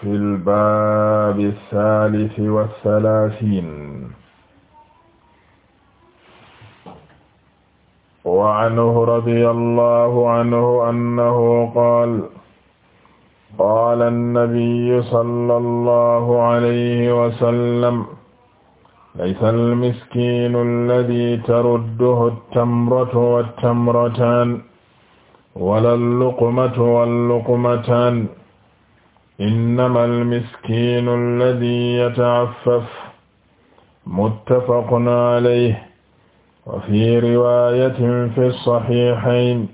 fi lbaabi althaalisi walthalaathiin wa anhu radiya allahu anhu annahu qaala qaala annabiyyu sallallahu alayhi wa sallam laysa almiskiinu alladii tarudduhu attamratu wattamrataan wala alluqmatu walluqmataan innama almiskinu alladi yatacaffaf muttafaqun alayhi wa fi riwayatin fi saxiixayn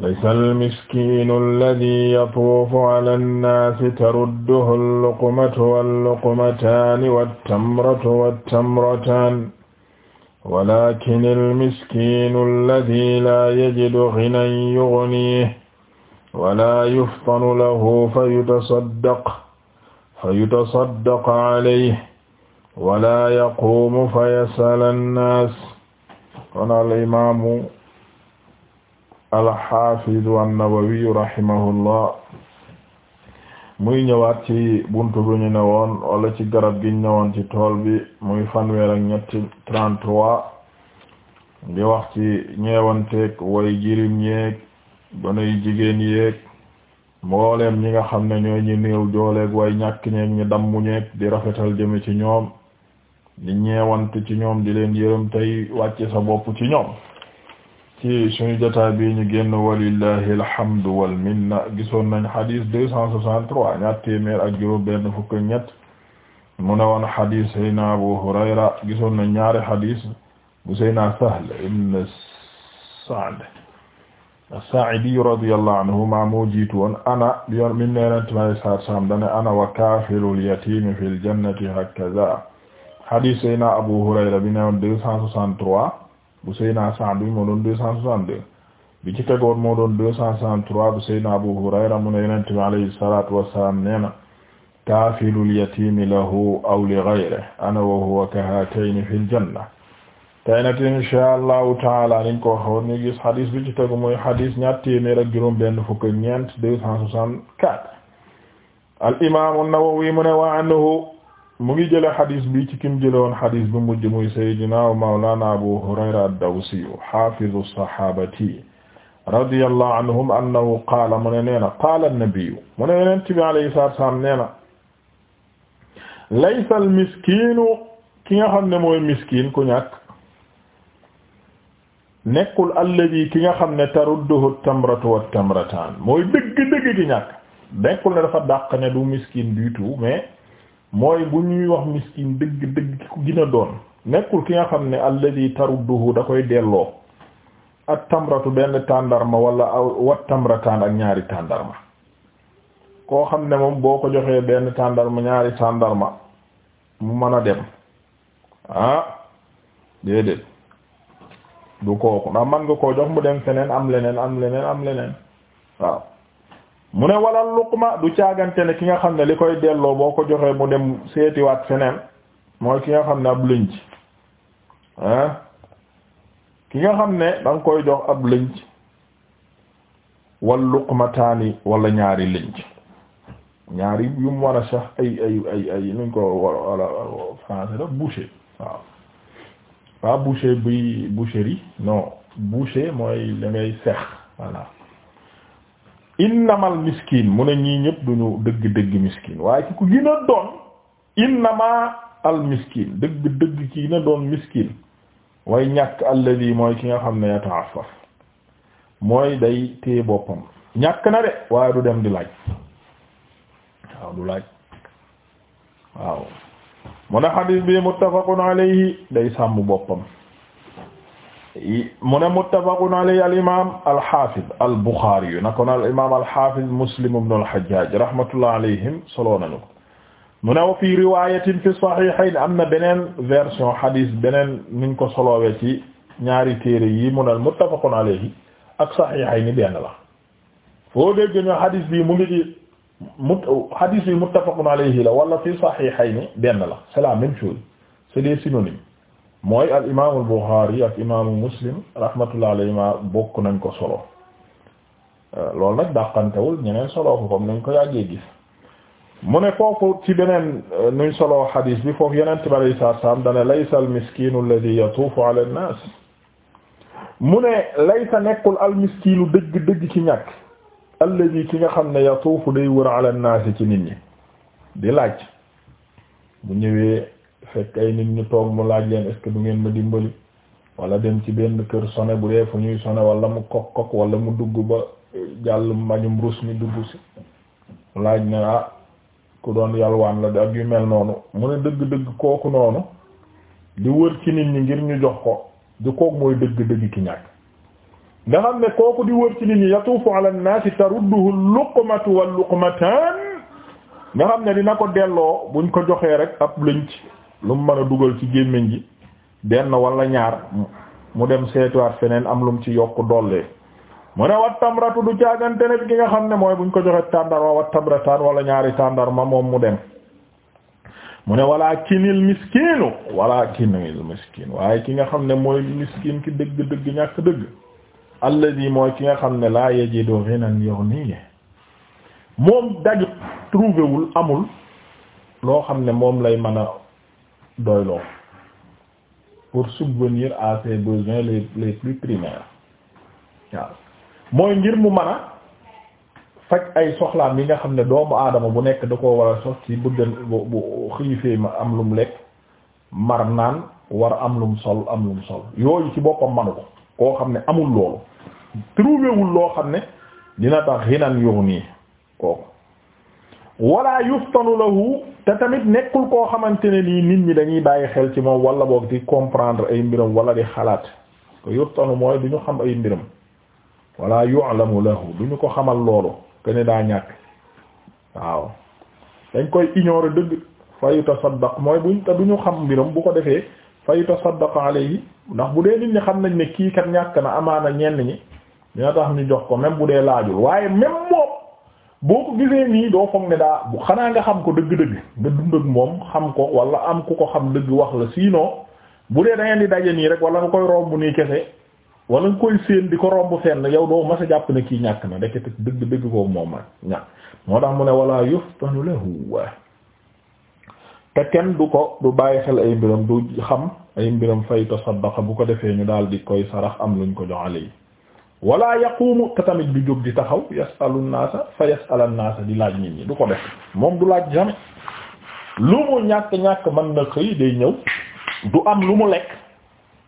laysa almiskinu alladi yatuufu ala annaasi tarudduhu alluqmatu walluqmataani wattamratu wattamrataan walakin almiskinu alladi laa yajidu ginan yugniihi wala yuftanu lahu fa yutasaddaq fa yutasaddaq alayhi wala yaquumu fa yasal annaas kon alimamu alxafidu annawawiyu rahimahullah muy ñëwaat ci buntu bi ñu ne woon wala ci garab gi ñëwoon ci tool bi muy fanweer ak ñetti 33 di wax ci ñeewanteeg way jirim gonuy jigéen yéeg mbooleem ñi nga xam ne ñooy ñi néew jooleeg way ñàkk ñeeg ñi dammu ñeeg di rafetal jëme ci ñoom di ñeewante ci ñoom di leen yërëm tey wàcce sa bopp ci ñoom ci suñu jotaay bii ñu génn walillahi alhamdu wal minna gisoon nañ xadis deux cent soixante-trois ak juróom benn fukk ñett mu ne won xadis sayna Abu Hurayra gisoon nañ ñaari xadis bu sayna Sahl ibn Sa'd as-Saa'idi radiyallahu anhuma moo jiitu woon ana yoon mi nee nañ tamit saa saam dane ana wa kaafilul yatiimi fil jannati hakaza hadith Seyna Abu Hurayra bi ne woon deux cent soixante trois bu Seyna Sa'd bi moo doon deux cent soixante deux bi ci tegoon moo doon deux cent soixante trois bu Seyna Abu Hurayra mu ne Yonent bi alayhi salaatu wa salaam nee na kaafilul yatiimi lahu aw li ghayrihi ana wa huwa ka haatayni fil janna tey nag insha allahu taala niñ ko waxoon ñu gis xadis bi ci tegu mooy xadis ñaar téeméer ak juróom benn fukk ak ñeent deux cent soixante-quatre al imaamu Nawawi mu ne wa anhu mu ngi jële xadis bi ci kim jële woon xadis bi mujj muy sayyidina wa mawlana Abu Hurayra ad-Dawsi xaafizu saxaabati radiyallahu anhum annahu qaala mu ne nee na qaala an-nabiyyu mu ne yonent bi alayhi salaatu salaam nee na laysa al miskiinu ki nga xam ne mooy miskiin ku ñàkk nekkul alladi ki nga xam ne tarudduhu tamratu wa tamrataan mooy dëgg-dëgg gi ñàkk nekkul ne dafa dàq ne du miskin du tout mais mooy bu ñuy wax miskin dëgg dëgg ki ko gën doon nekkul ki nga xam ne alladi tarudduhu da koy delloo ak tambratu benn tàndarma wala wa tamrataan ak ñaari tàndarma koo xam ne moom boo ko joxee benn tàndarma ñaari tàndarma mu mën a dem ah déedéet du kooku ndax man nga koo jox mu dem feneen am leneen am leneen am leneen waaw mu ne wala luqma du caagante ne ki nga xam ne li koy delloo boo ko joxee mu dem seetiwaat feneen mooy ki nga xam ne ab lënc ah ki nga xam ne da nga koy jox ab lënc wal luqmataani wala ñaari lënc ñaari yu mu war a sax ay ay ay nuñ ko wala français la waaw pas boucher bi boucherie non boucher mooy la ngay sex voilà miskin mu ne ñii ñëpp duñu dëgg-dëgg miskin waaye ki ku gën doon innama miskin dëgg-dëgg ki gën a doon miskin way ñàkk alladi mooy ki nga xam ne yataafaf mooy day téye boppam ñàkk na de waaye du dem di laaj waaw du laaj waaw mu ne xadis bi muttafaqun alayhi day sàmm boppam mu ne muttafaqun alayhi al imam alxafid al buxaari yu nakon al imam alxafid muslim ibn al hajjaj rahmatullah alayhim soloo nañu ko mu ne wa fii riwayatin fi sahihayn am na beneen version xadis beneen niñ ko soloowe ci ñaari téere yi mu ne muttafaqun alayhi ak sahihayn benn la foo dégg ñu xadis bi mu ngi ci mut hadith yi muttafaqun alayhi la wala fi sahihayni benn la c'est la même chose c'est des synonymes mooy al imaamu al Bukhari ak imaamu Muslim rahmatullah alayhima bokk nañ ko solo euh, loolu nag dàqantewul ñeneen solo ko comme nañ ko yàggee gis mu ne foofu ci beneen euh, nuñ solo hadith bi foofu yeneen bi alayi saatu salaam dane laysa al miskinu alladhi yatuufu ala an-nas mu ne laysa nekkul al miskinu dëgg dëgg ci ñàkk alladi ki nga xam ne yatuufu day wër ala naasi ci nit ñi di laaj bu ñëwee fekk ay nit ñu toog mu laaj leen est du ngeen ma dimbali wala dem ci benn kër sone bu dee fu ñuy sone walla mu kok kok wala mu dugg ba jàll mbañum rus mi dugg si mu laaj ne ah ku doon yalwaan la di ak yu mel noonu mu ne dëgg-dëgg kooku noonu di wër ci nit ñi ngir ñu jox ko di koog mooy dëgg-dëgg ki ñàkk nga xam ne kooku di wër ci nit ñi yatuufu ala nnaasi matu wa wal luqmataan nga xam ne dina ko delloo buñ ko joxee rek ab lënc lu mu mën a dugal ci gémmiñ gi benn wala ñaar mu dem seetuwaat feneen am lu mu ci yokk dollee mu ne wat tamratu du caagante ne ki nga xam ne mooy buñ ko joxee tàndarma wat tamrataan wala ñaari tàndarma moom mu dem mu ne walaa kinil miskiinu walaa kinil miskiin waaye ki nga xam ne mooy miskin ki dëgg dëgg ñàkk dëgg alladi mooy ki nga xam ne laa yajidu ghinan yughnihi moom daju trouvéwul amul loo xam ne moom lay mën a doyloo pour subvenir à ses besoins les les plus a faj ay soxlaam yi nga xam ne doomu aadama bu nekk da ko war a sox ci bëggan bu xiifee ma am lum lekk mar naan war am lu mu sol am lum sol yooyu ci boppam manu ko koo xam ne amul loolu trouvéwul loo xam ne dina tax xinan yow nii kooku wala yuftanu lahu te tamit nekkul koo xamante ne nii nit ñi dañuy bàyyi xel ci moom wala boog di comprendre ay mbiram wala di xalaat ko yuftanu mooy du ñu xam ay mbiram wala yu'lamu lahu du ñu ko xamal loolu que ne daa ñàkk waaw dañ koy ignorer dëgg fa yutasaddaq mooy buñ te du ñu xam mbiram bu ko defee fa yutasaddaq alayhi ndax bu dee nit ñi xam nañ ne kii kat ñàkk na amaana ñenn ñi dina tax ñu jox ko même bu dee laajul waaye même moom boo ko gisee nii doo foog ne daa bu xanaa nga xam ko dëgg-dëgg nga dund ak moom xam ko wala am ku ko xam dëgg wax la sinon bu dee da ngeen di daje nii rek wala nga koy romb nii kese wala nga koy séen di ko romb fenn yow doo ma a jàpp ne kii ñàkk na ndekete dëgg dëgg ko moom la ñàkk moo tax mu ne wala te kenn du ko du bàyyi xel ay mbiram du xam ay mbiram fay tasaddaqa bu ko defee ñu daal di koy sarax am luñ ko jox yi wala yaqumu te tamit du jóg di taxaw yasalu naasa fa yasal naasa di laaj nit ñi du ko def moom du laaj jamais lu mu ñàkk ñàkk mën na xëy day ñëw du am lu mu lekk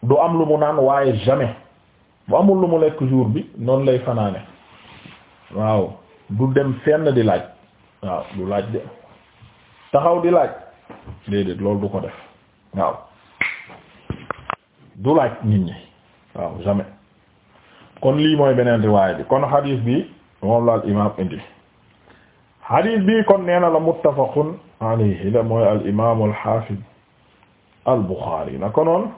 du am lu mu naan waaye jamais bu amul lu mu lekk jour bi noonu lay fanaane waaw du dem fenn di laaj waaw du laaj de taxaw di laaj déedéet loolu du ko def waaw du laaj nit ñi waaw kon lii mooy beneen riwaaya bi kon xadiis bi moom la al imaam indi xadiis bi kon nee na la muttafaqun alayhi la mooy al imaamu al xaafid al buxaari na ko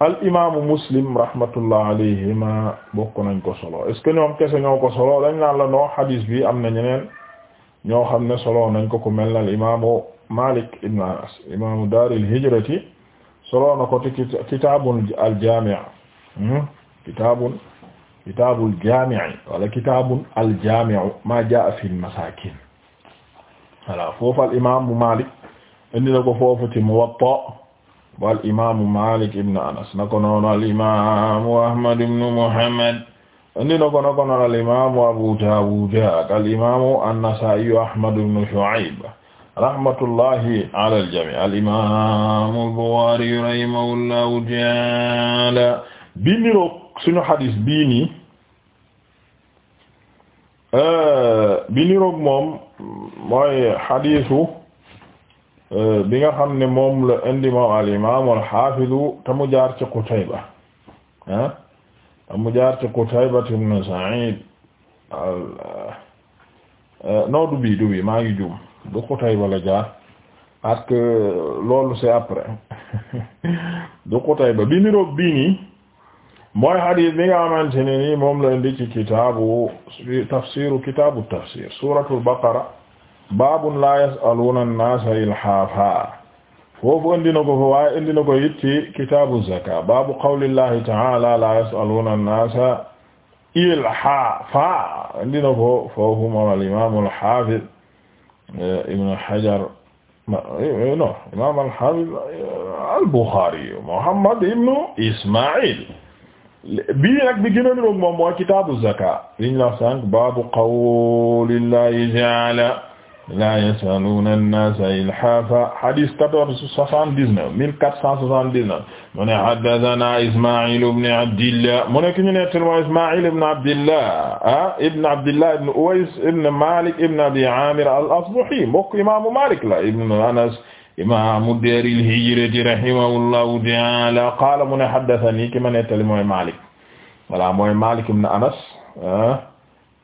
al imaamu muslim rahmatullah alayhima bokk ko solo est ñoom kese ñoo ko solo dañ naan la noo xadiis bi am na ñeneen. ñoo xam ne solo nañ ko ku mel na imaamu Malik ibn Anas imaamu daaril hijrati solo na ko ci kitaabul al hmm? jaami' kitaabun ma jaa fil masaakin voilà foofu al Malik indi na ko Muwatta wal imaamu Malik ibn Anas na ko noonu al Ahmad ibn Muhammad indi na ko na ko noon al imaamu Abu Daawud ak al imaamu an-Nasaa'i Ahmad ibn Shu'ayb rahmatullahi ala al-jamii' al imaamu al-Bukhaari rahimahullahu ta'aala bi niroog suñu xadis bii nii bi niroog eh, moom mooy xadisu eh, bi nga xam ne moom la indi moom al imaamu al-Haafidu te mu jaar ci Qutayba ah mu jaar ci Qutayba ibn Sa'id euh, non du bii du bii maa ngi juum du Qutayba la jaar parce que loolu c'est après du Qutayba bi niroog bii nii mooy hadith bi nga xamante ne nii moom la indi ci kitaabu tafsiru kitaabu tafsir suratul baqara baabun la yas'aluna an-naasa ilhaafa foofu indi na ko fa waaye indi na ko it ci kitaabu zaka baabu qawlillahi ta'ala la yas'aluna an-nasa ilhafa indi na ko foofu moom al-imam al-hafiz eh, ibn hajar eh, no imam al-hafiz al-bukhari muhammad ibn isma'il bi nag bi gën a niroog moom mooy kitaabu zaka liñ la sànq baabu qawlillahi ta'ala la yasaluuna annasa ilhafa hadis 1479 1479 mu ne haddathana ismail ibn abdillah mu nekk ñu nettal moo ismail ibn abdillah ah ibn abdillah ibn uways ibn malik ibn abi amir al-asbahi mbokk imamu malik la ibn anas imamu daaril hijrati rahimahullahu taala qala mu ne haddathani ki ma nettali mooy malik voilà mooy malik ibn anas ah.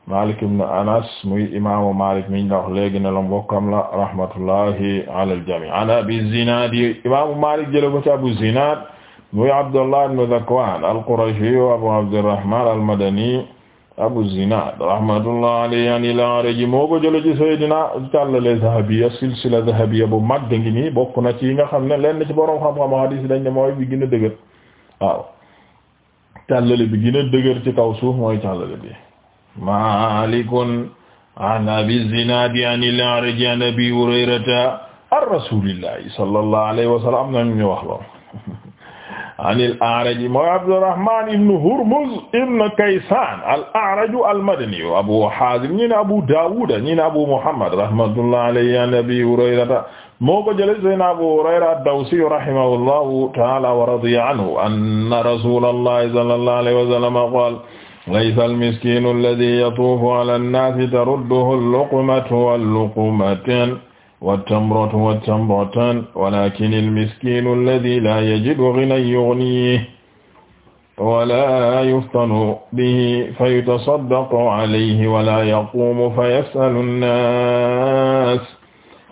Malik ibn Anas muy imaamu Malik mi ñu wax léegi ne la mbokkam la rahmatullahi ala al-jami' an Abi Zinad imaamu Malik jële ko ci Abu Zinad muy Abdullah ibn Zakwan al-Qurashi Abu Abdurrahman al-Madani Abu Zinad rahmatullahi alayhi yani al-A'raj moo ko jële ci Seydina tallale zahabiyya silsila zahabiyya bu mag ngi nii bokk na ci nga xam ne lenn ci borom xam-xam hadith dañ ne mooy bi gën a dëgër waaw tallale bi gën a dëgër ci kaw suuf mooy tallale bi malikun an abi zinadi an al-a'raj an abi hurayrata an rasulillahi sallallahu alayhi wa sallam am nañu wax lool an al-a'raj mooy abdurrahman ibn hurmuz ibn kaysan al-a'raj al-madani abu hazim ñi ne abu dawud ñi ne abu muhammad rahmatullahi alayhi an abi hurayrata moo ko jëlee sayna abu hurayra ad-dawsi rahimahullahu ta'ala wa radiya anhu anna rasulallahi sallallahu alayhi wa sallam qala laysa almiskinu alladi yatuufu ala annaasi tarudduhu alluqmatu walluqmatan wattamratu wattamratan walakin almiskinu alladi laa yajidu ghinan yughnihi wala yuftanu bihi fayutasaddaqu alayhi wala yaqumu fayasalu nnaas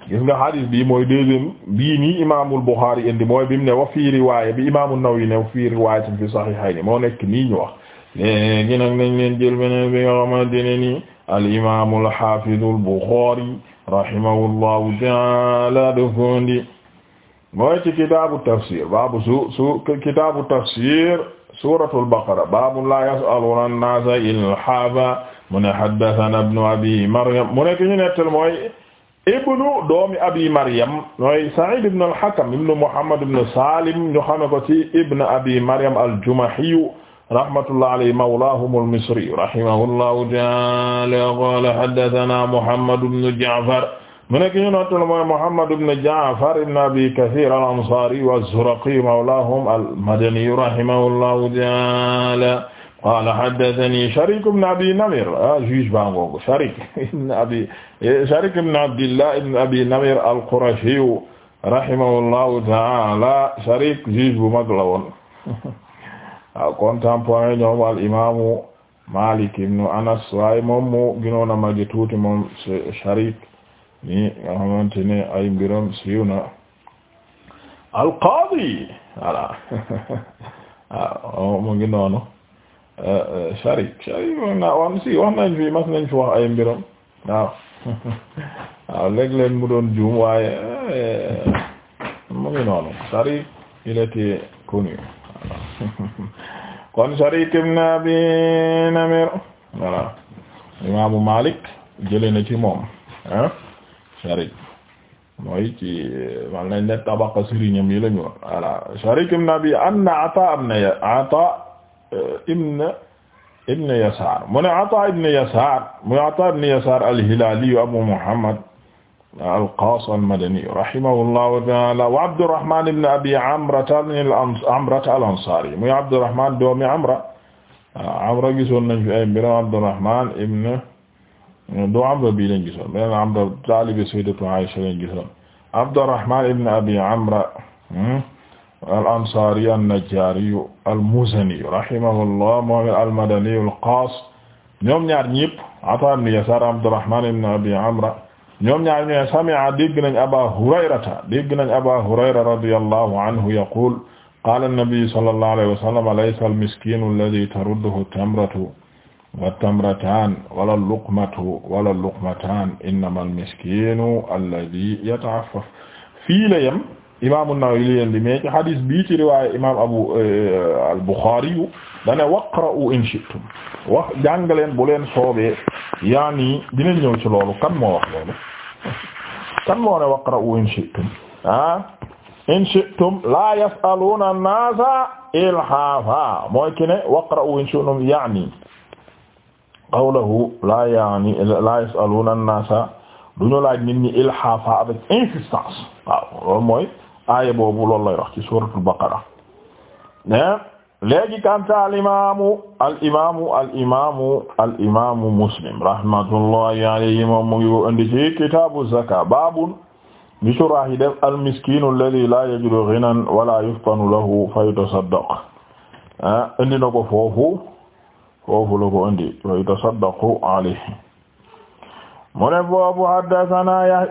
gis nga xadis bi mooy deuxième bii nii imaamul Buxaari indi mooy bi mu ne wa fii riwaaya bi imaamu Nawawi ne fii riwaaya fi saxiixayni moo nekk nii ñu wax léegi nag nañ leen jël beneen bi nga xamante ne ni al-imaamu al-haafidu al-Buxaari rahimahullahu ta'aala defondi mooy ci kitaabu tafsir baabu su su kitaabu tafsir suuratul baqara baabu laa yas'aluuna an-naasa ilhaafan mu ne haddasanaa ibnu abi maryam mu ne ki ñu nettal mooy ibnu doomi abi maryam mooy sa'iid ibnu al-hakam ibnu muhammad ibnu salim ñu xame ko ci ibnu abi maryam al-jumahiyu rahmatullah alayhi mawlaahum al-Misri rahimahullahu ta'ala qala haddathana Muhammad ibn Ja'far mu nekk ñu nottal mooy Muhammad ibn Ja'far ibn Abi Kathir al-Ansari az-Zuraqi mawlaahum al-Madani rahimahullahu ta'ala qala haddathani Sharik ibn Abi Namir ah juge baa ngoogu Sharik ibn Abi Sharik ibn Abdillah ibn Abi Namir al-Qurashi rahimahullahu ta'ala Sharik juge bu mag la woon waaw contemporain al imaamu Malik ibnu Anas waaye moom mu gënoon a màgg tuuti Sharik ni nga xamante ne ay mbiram siiw na al qaadi voilà mu ngi Sharik Sharik fi mas fi wax ay mbiram waaw waaw léeg-léeg mu doon juum waaye eh, mu ngi Sharik il était connu kon Sharik ibn Abi Namir voilà imaamu Malik jëlee na ci moom ah Sharik mooy ci man lañ ne tabaqa sëriñam yi lañu voilà Sharik ibn Abi anna Ata ibn Ata euh, ibn ibn Yasar mu ne Ata ibn Yasar mu Ata ibn Yasar al-Hilali Abu Muhammad al-Qaas al-Madani rahimahullahu ta'ala wa Abdurrahman ibn Abi Amra al-Ansaari muy Abdurrahman doomi Amra ah, Amra gisoon nañ fi ay mbiram Abdurrahman ibn doo Amra bii lañ gisoon beneen Amra taalibe Sayyidatu Aïsha lañ gisoon Abdurrahman ibn Abi Amra hmm, al-Ansaari an-Najjaari al-Muzani rahimahullah moom al-Madani al-Qaas ñoom ñaar ñëpp Ataa ibn Yasaar Abdurrahman ibn Abi Amra ñoom ñaar ñooy sami'a dégg nañ Aba Hurayrata dégg nañ Aba Hurayra radiyallahu anhu yaqul qala an-nabi sallallahu alayhi wa sallam laysa al-miskinu alladhi tarudduhu at-tamratu wat-tamratan wala al-luqmatu wala al-luqmatan innama al-miskinu alladhi yata'affaf fii la yem imaamu Nawawi li yeen di mais ci hadis bii ci riwaaya imam Abu eh, al-Bukhari yu dane waqra'u in shi'tum wax jàngaleen bu leen soobee yaani dinañ ñëw ci loolu kan moo wax loolu kan moo ne waqra'u in shi'tum ah in shi'tum la yas'aluna an-nasa ilhafa mooy ki ne waqra'u in shi'tum yaani qawluhu la yaani la yas'aluna an-nasa duñu laaj nit ñi ilhafa avec insistance waaw loolu mooy aaya boobu loolu lay wax ci suuratul baqara léegi kanta al imaamu al imaamu muslim rahmatullahi alayhi mu ngi ko indi ci kitaabu zaka baabun bi shurah yi al miskinu alladhi la yajidu ghinan wala yuftanu lahu fa yutasaddaq ah indi na foofu foofu la indi fa yutasaddaqu alayhi mu ne foofu haddathana ya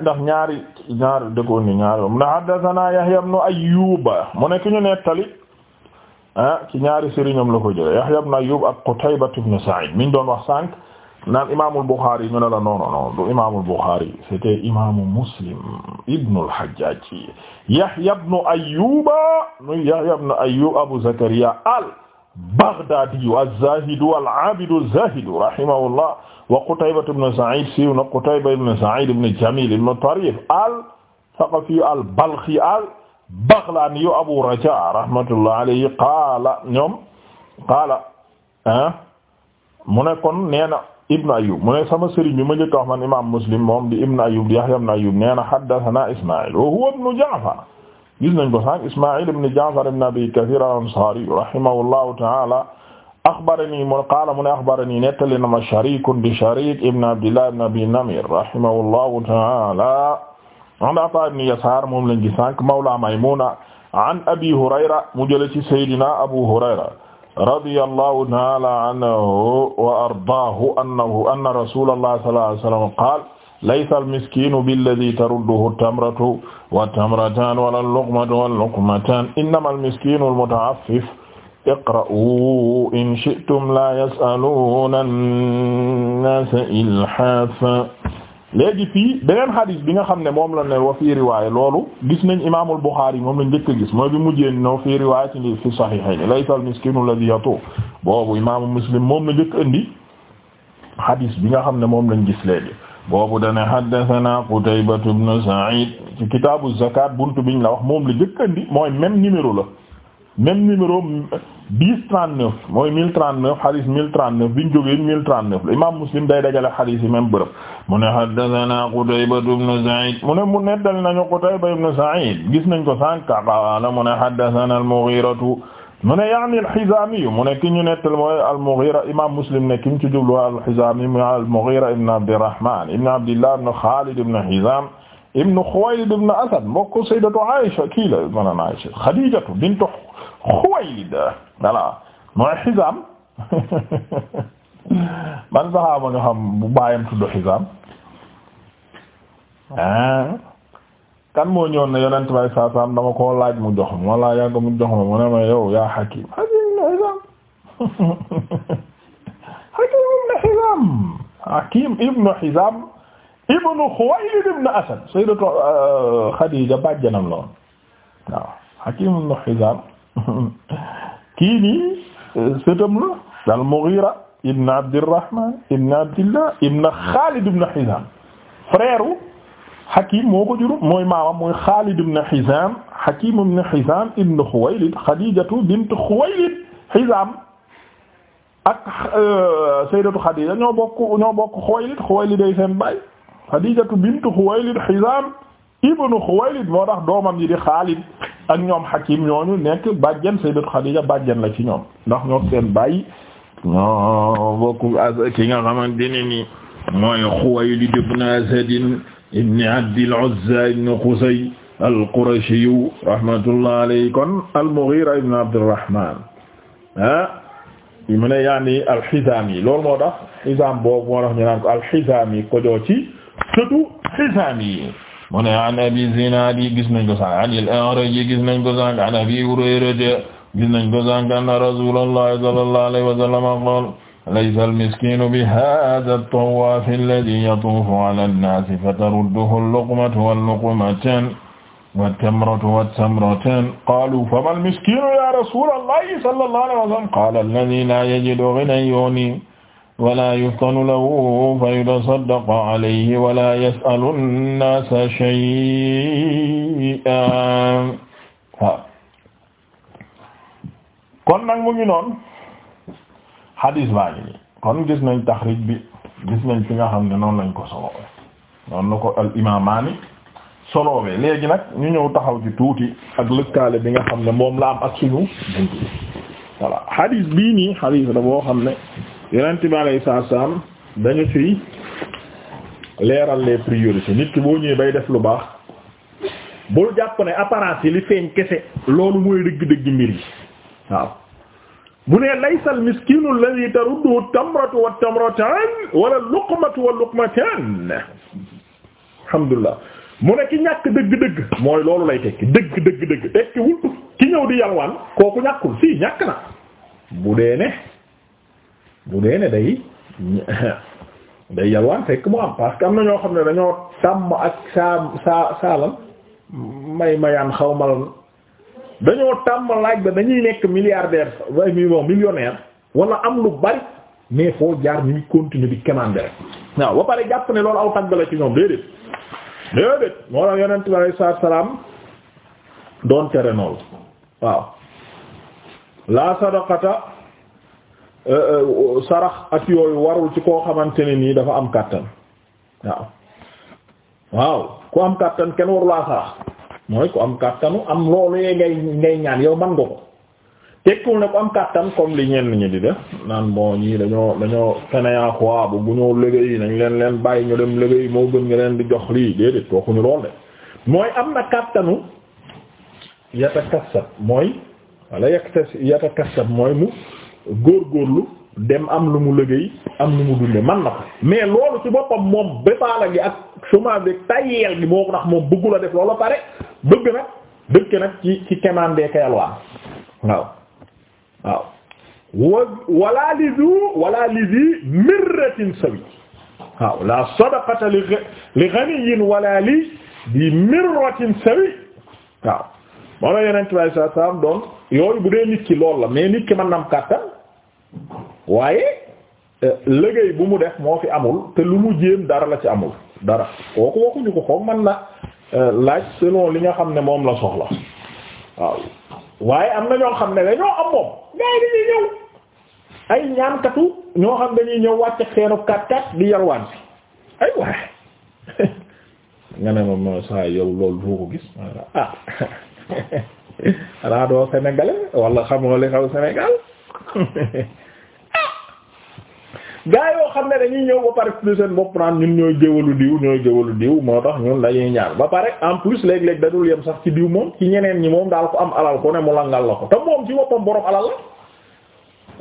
yahya ibn ayyuba mu ki ñu nettali ah ci ñaari sëriñam la ko jële Yahya ibn Ayyub ak Qutayba ibn Sa'id miñ doon wax sànq naan imaamul Bukhari ñu ne la non non non du imaamul Bukhari c'était imaamu Muslim ibn al-Hajjaj Yahya ibn Ayyub muy Yahya ibn Ayyub Abu Zakariya al-Baghdadi az-Zahid al-Abid az-Zahid rahimahullah wa Qutayba ibn Sa'id siiw na Qutayba ibn Sa'id ibn Jamil ibn Tarif al-Thaqafi al-Balkhi al Baghlaani yu Abu Raja rahmatullah alayhi qaala ñoom qaala ah mu ne kon nee na Ibn Ayyub mu ne sama sëriñ bi ma njëkk a wax man imaam Muslim moom di Ibn Ayyub di Yahya ibn Ayyub nee na haddathana Isma'il wa huwa ibn Ja'far gis nañ ko sànq Isma'il ibn Ja'far ibn Abi Kathir al-Ansari rahimahullahu ta'ala axbarani mu qaala mu ne axbarani nettali na ma Sharik di Sharik ibn Abdillah ibn Abi Namir rahimahullahu ta'ala an Ataa ibn Yasaar moom lañ gis sànq mawla Maymuna an Abi Hurayra mu jële ci Seydina Abu Hurayra radiyallahu ta'ala anhu wa ardaahu annahu anna rasuulallahi sallallahu alayhi wa sallam qaala laysa al-miskiinu billadhii tarudduhu at-tamratu wat-tamrataan wala al-luqmatu wal-luqmataan innamaa al-miskiinu al-muta'affif iqra'uu in shi'tum laa yas'aluuna an-naasa ilhaafan léegi fii beneen hadis bi nga xam ne moom la ne wa fii riwaaya loolu gis nañ imaamul Buxaari moom lañ njëkk a gis mooy bi mujjee no fii riwaaya ci ndi fi sahihayn laysa al miskinu alladhi yatu boobu imaamu Muslim moom la njëkk andi hadis bi nga xam ne moom lañ gis léegi boobu dane haddathana Qutaybatu ibnu Sa'id ci kitaabu bunt bi ñu la wax moom la jëkk indi mooy même numéro la même numéro 1039 mooy 1039 hadis 1039 biñ jógee 1039 la imaam Muslim day dajale hadis yi même mu ne haddathana Qutayba ibn Sa'id mu ne mu nettali nañu Qutayba ibn Sa'id gis nañ ko sànq qaala mu ne haddathana al-Mughira mu ne yaani al-Hizami mu ne ki ñu nettali mooy al-Mughira imaam Muslim ne ki mu ci jublu al-Hizami mooy al-Mughira ibn Abdirrahman ibn Abdillah ibn Khalid ibn Hizam ibn Khuwaylid ibn Asad mbokk sayyidatu Aisha kii la ma naan Aisha Khadijatu bintu Khuwaylid voilà mooy Hizam man saxaaba xam bu baayam tudd Hizaam ah. kan moo ñëwoon ne yonent bay saa saam dama koo laaj mu jox ma walla yàgg mu jox ma mu ne ma yow yaa Hakiim Hakiim ibn Hizaam Hakiim ibn Hizaam Hakiim ibn Hizaam ibn Khuwaylid ibn Asad sayyidatu uh, Hakiim ibn Hizaam kii nii uh, la dal Mughira ibn Abdirrahman ibn Abdillah ibn Xaalid ibn Hizaam frère Hakim moo ko jur mooy maamam mooy Xaalid ibn Hizaam Hakim ibn Hizaam ibn Xuwaylid Xadiijatu bint Xuwaylid Hizaam ak euh, Sayyidatu Xadiija ñoo bokk ñoo bokk Xuwaylid Xuwaylid ay seen baay Xadiijatu bint Xuwaylid Hizaam ibn Xuwaylid moo tax doomam yi di Xaalid ak ñoom Hakim ñooñu nekk bàjjen Sayyidatu Xadiija bàjjen la ci ñoom ndax ñoom seen baay ñoo bokku ki nga xamante ne ni mooy Xuwaylid ibn Asad ibn Abdil Uzza ibn Qusay al-Qurashi rahmatullah alayhi kon al-Mughira ibn Abdurrahman ah yi mu ne yaani al-Hizami loolu moo tax Hizam boobu moo tax ñu naan ko al-Hizami ko joo ci sëtu Hizami mu ne an Abi Zinad gis nañ ko sànq an al-A'raj gis nañ ko sànq an Abi Hurayra gis nañ ko sànq anna rasulullahi sallallahu alayhi wa sallam qaala laysa al-miskiinu bi haadha at-tawwaafi alladhii yatuufu ala an-naasi fatarudduhu al-luqmatu wal-luqmataani wat-tamratu wat-tamrataani qaaluu famaa al-miskiinu yaa rasuulallahi sallallahu alayhi wa sallam qaala alladhii laa yajidu ghinan yughnihi wa laa yuftanu lahu fayutasaddaqu alayhi wa laa yas'alu an-naasa shay'an kon nag mu ngi noonu hadis baa nii kon gis nañ tax taxrij bi gis nañ fi nga xam ne noon lañ ko solowee noonu la ko al imaamaani solowee léegi nag ñu ñëw taxaw ci tuuti ak lëkkaale bi nga xam ne moom la am ak suñu bunt bi voilà hadis bii nii hadis la boo xam ne yeneen bi alay saa saam dañu ci leeral les priorités nit ki boo ñëwee bay def lu baax boo jàpp ne apparence yi li feeñ kese loolu mooy dëgg-dëgg mbir yi waaw bu ne laysa al miskinu alladhi taruddu tamratu wa wala luqmatu wa luqmatan mu ne ki ñàkk dëgg-dëgg mooy loolu lay tekki dëgg dëgg dëgg tekki wul ki ñëw di yalwaan kooku ñàkkul fii ñàkk na bu dee ne bu dee ne day day yalwaan fekk mu am am na ñoo xam ne dañoo tàmm ak saa saa saalam may mayaan xaw ma dañoo tàmm laaj ba dañuy nekk milliardaire waaye millionnaire wala am lu bari mais foo jaar ñu ngi continuer di commander rek waaw ba pare jàpp ne loolu aw tagg la ci ñoom déedéet déedéet moo tax yonent bi alayhi salaam doon tere noonu waaw la sadaqata euh, euh, sarax ak yooyu warul ci koo xamante ne nii dafa am kàttan waaw waaw ku am kàttan kenn warulaa sarax mooy ku am kàttanu am loolu yee ngay ngay ñaan yow man nga ko tekkul ne ku am kàttan comme li ñenn ñi di def naan bon ñii dañoo dañoo feneen quoi bu bu ñoo liggéey nañ leen leen bàyyi ñu dem liggéey moo gën nga leen di jox lii déedéet waxuñu lool de mooy am na kàttanu yatakasab mooy wala yatakasab mooy mu góorgóorlu dem am lu mu liggéey am lu mu dunde man na ko mais loolu ci boppam moom bépaala gi ak chômage bi tayeel gi moo ko moom bëggul la def loolu pare bëgg nag dëkk nag ci ci kemandee kayalwaan waaw waaw wa wala lizu wala lizi mirratin sawi waaw la sadaqata li ghaniyin wala li di mirratin sawi waaw moo la yeneen tubaab yi am doon yooyu bu dee nit ki lool la mais nit ki mën na am kàttan waaye euh, liggéey bu mu def moo fi amul te lu mu jéem dara la ci amul dara kooku waxuñu ko ko mën na euh, laaj selon li nga xam ne moom la soxla waaw waaye am na ñoo xam ne dañoo am moom gaa yi dañuy ñëw ay ñaankatu ñoo xam dañuy ñëw wàcc xeeru kat kat di yarwaan si ay waaye nga ne ma saa yow loolu doo ko gis ah doo Sénégalais wala xamoo li xaw Sénégal gaa yoo xam ne dañuy ñëw ba pare plus seen bopp naan ñun ñooy géwalu diw ñooy géwalu diw moo tax ñun dañuy ñaar ba pare en plus léeg-léeg dadul yem sax ci diw moom ci ñeneen ñi moom daal ko am alal ko ne mu langal la ko te moom ci boppam borom alal la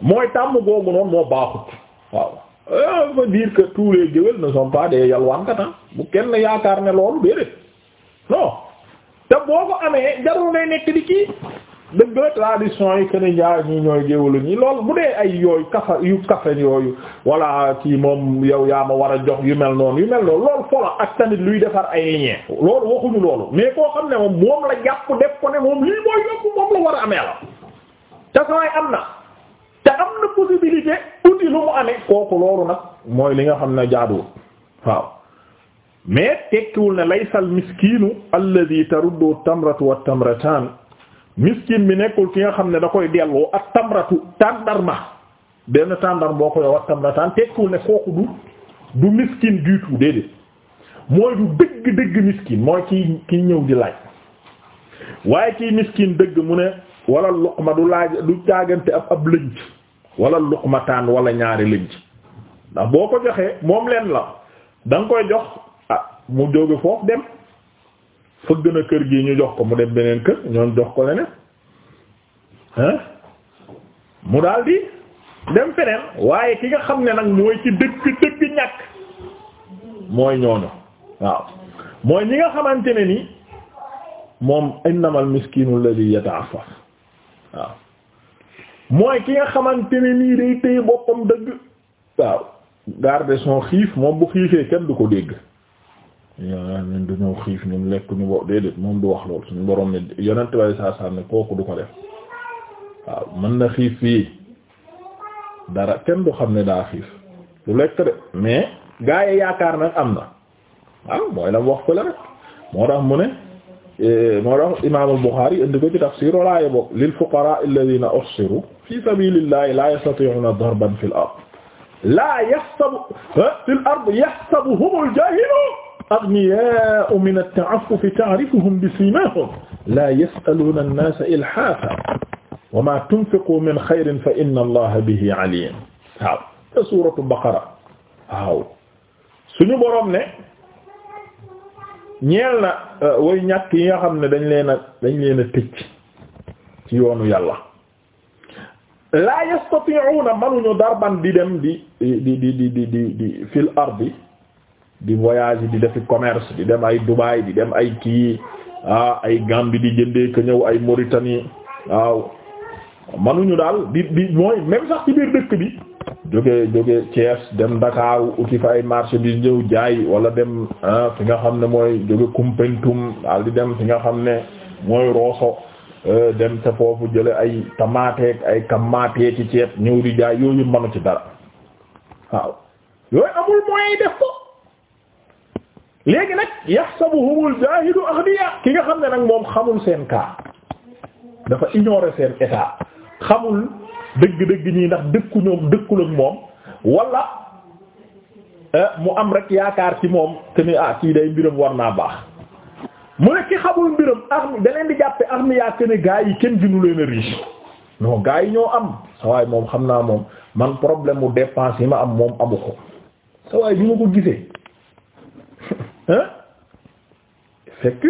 mooy tàmm googu noonu moo baaxut waaw ça eh, veut dire que tous les géwél ne sont pas des yalwaankat bu kenn yaakaar ne loolu déedéet non te boo ko amee jarul ngay nekk di kii dëgg la tradition yi kenn njaay ñi ñooy géwélu ñi lool bu dee ay yooyu kafa yu kafe yooyu wala kii moom yow yaa ma war a jox yu mel noonu yu mel noonu loolu fola ak tamit luy defar ay ñee loolu waxuñu loolu mais koo xam ne moom moom la jàpp def ko ne moom lii mooy yokk moom la war a amee la te am na te am na possibilité outil lu mu amee kooku loolu nag mooy li nga xam ne jaaduwul waaw mais tekkiwul ne laysal miskinu alladhi taruddu tamratu wat tamratan miskin bi nekkul ki nga xam ne da koy delloo ak tamratu tàndarma benn tàndar boo ko yow ak tamrataan tekkul ne kooku du du miskin du tout déedéet mooy du dëgg dëgg miskin mooy ki ki ñëw di laaj waaye kii miskin dëgg mu ne wala luqma du laaj du jaagante ab ab lënc wala luqmataan wala ñaari lënc ndax boo ko joxee moom leen la danga koy jox ah mu jóge foofu dem fëgg na kër gi ñu jox ko mu dem beneen kër ñoom jox ko leneen hein mu daldi dem feneen waaye ki nga xam ne nag mooy ci dëgg dëgg ñàkk mooy ñooñu waaw mooy ñi nga xamante ne nii moom innamal miskinu alladhi yata'affaf waaw mooy ki nga xamante ne nii day téye boppam dëgg waaw garder son xiif moom bu xiifee kenn du ko dégg yaa ñun dañoo xiif du wax lool suñu borom ne yonent way saa saa ne kooku du ko def waaw mën na xiif fii dara kenn du xam ne daa xiif lu lekk de mais gaa yi yaakaar nag am na waaw mooy la wax ko la rek moo tax mu ne e, moo tax imaamul Buxaari indi ko ci tafsiir laaya bokk lil fuqaraa alladhiina uhsiru fi sabiilillaahi laa yastatii'uuna darban fil ard laa yahsabu fil ard yahsabuhumul jaahilu aghniyaa'u min at-ta'affufi ta'rifuhum bi siimaahum laa yas'aluuna an-naasa ilhaafan wa maa tunfiquu min xayrin fa inna Allaha bihi aliim waaw te suuratu Baqara waaw suñu boroom ne ñeel na euh, way ñàkk yi nga xam ne dañ leen a dañ leen a tëj ci yoonu yàlla laa yastati'uuna manuñu darban di dem di di di di di di fil ardi di voyage di defi commerce di dem ay Dubaï di dem ay kii ah ay Gambie di jëndee ka ñëw ay Mauritanie waaw manuñu daal di di mooy même sax ci biir dëkk bi jóge jóge Thiès dem Dakar uti fa ay marché bi ñëw jaay wala dem ah, fi nga xam ne mooy jóge Koumpentoum daal di dem fi nga xam ne mooy Rosso eh, dem te foofu jële ay tamateek ay kamaatee ci ceeb ñëw di jaay yooyu manu ci dara waaw yooyu amul moyen def ko léegi nag yahsabuhumul jaahilu aghniya ki nga xam ne nag moom xamul seen cas dafa ignorer seen état xamul dëgg-dëgg ñii ndax dëkku ñoom dëkkul ak moom wala eh, mu am rek yaakaar ci moom te ni ah kii day mbiram war naa baax mu ne ki xamul mbiram armi ah, da leen di jàppe armi yaa ne gaa yi kenn gënu leen a riche non gaa yi ñoo am sa moom xam naa moom man problème mu dépense yi ma am moom amu ko sa bi ma ko gisee fekk